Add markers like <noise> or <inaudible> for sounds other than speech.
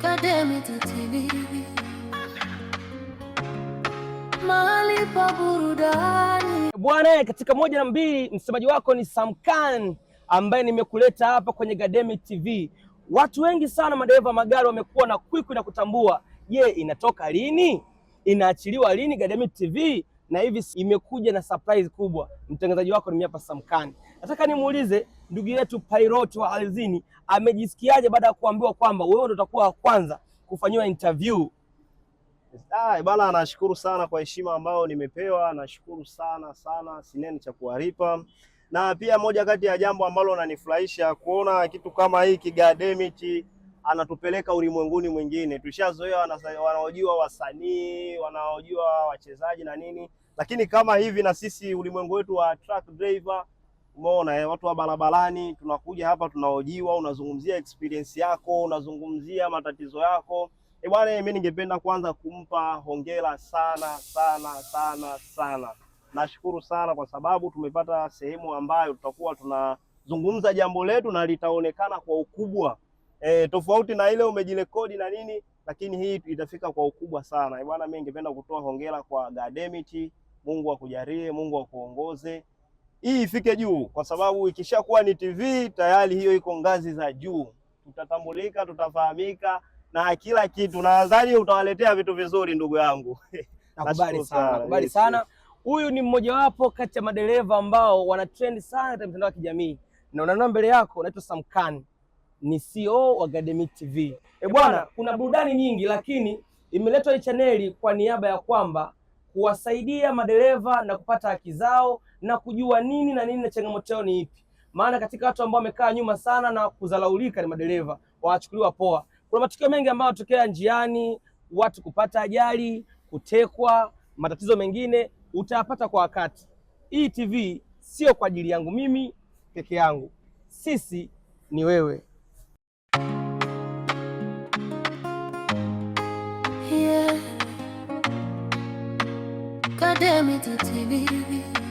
Kademi Tatibi, mahali pa burudani. Bwana, katika moja na mbili, msemaji wako ni Samkan ambaye nimekuleta hapa kwenye Gademi TV. Watu wengi sana madereva magari wamekuwa na kwikwi na kutambua, je, inatoka lini? Inaachiliwa lini Gademi TV? Na hivi imekuja na surprise kubwa. Mtengenezaji wako ni hapa Samkan. Nataka nimuulize ndugu yetu Pyrot wa alzini amejisikiaje baada ya kuambiwa kwamba wewe ndio utakuwa wa kwanza kufanyiwa interview? Ah, bana, nashukuru sana kwa heshima ambayo nimepewa, nashukuru sana sana, sineni cha kuwalipa na pia moja kati ya jambo ambalo nanifurahisha kuona kitu kama hiki Gademit anatupeleka ulimwenguni mwingine. Tushazoea wanaojua wasanii, wanaojua wachezaji na nini, lakini kama hivi na sisi ulimwengu wetu wa truck driver Umeona eh, watu wa barabarani tunakuja hapa tunaojiwa, unazungumzia experience yako, unazungumzia matatizo yako. E bwana, mimi ningependa kwanza kumpa hongera sana sana sana sana. Nashukuru sana kwa sababu tumepata sehemu ambayo tutakuwa tunazungumza jambo letu na litaonekana kwa ukubwa e, tofauti na ile umejirekodi na nini, lakini hii itafika kwa ukubwa sana. E bwana, mimi ningependa kutoa hongera kwa Gademiti. Mungu akujalie, Mungu akuongoze hii ifike juu, kwa sababu ikishakuwa ni TV tayari hiyo iko ngazi za juu, tutatambulika, tutafahamika na kila kitu. na Nadhani utawaletea vitu vizuri, ndugu yangu. <laughs> Nakubali sana, nakubali sana. Huyu ni mmojawapo kati ya madereva ambao wana trend sana katika mitandao ya kijamii, na unaona mbele yako unaitwa Samkan, ni CEO wa Gademi TV. E, e bwana, kuna burudani nyingi, lakini imeletwa hii chaneli kwa niaba ya kwamba kuwasaidia madereva na kupata haki zao na kujua nini na nini na changamoto yao ni ipi. Maana katika watu ambao wamekaa nyuma sana na kuzalaulika ni madereva, wawachukuliwa poa. Kuna matukio mengi ambayo yanatokea njiani, watu kupata ajali, kutekwa, matatizo mengine utayapata kwa wakati. Hii e TV sio kwa ajili yangu mimi peke yangu, sisi ni wewe. me to TV.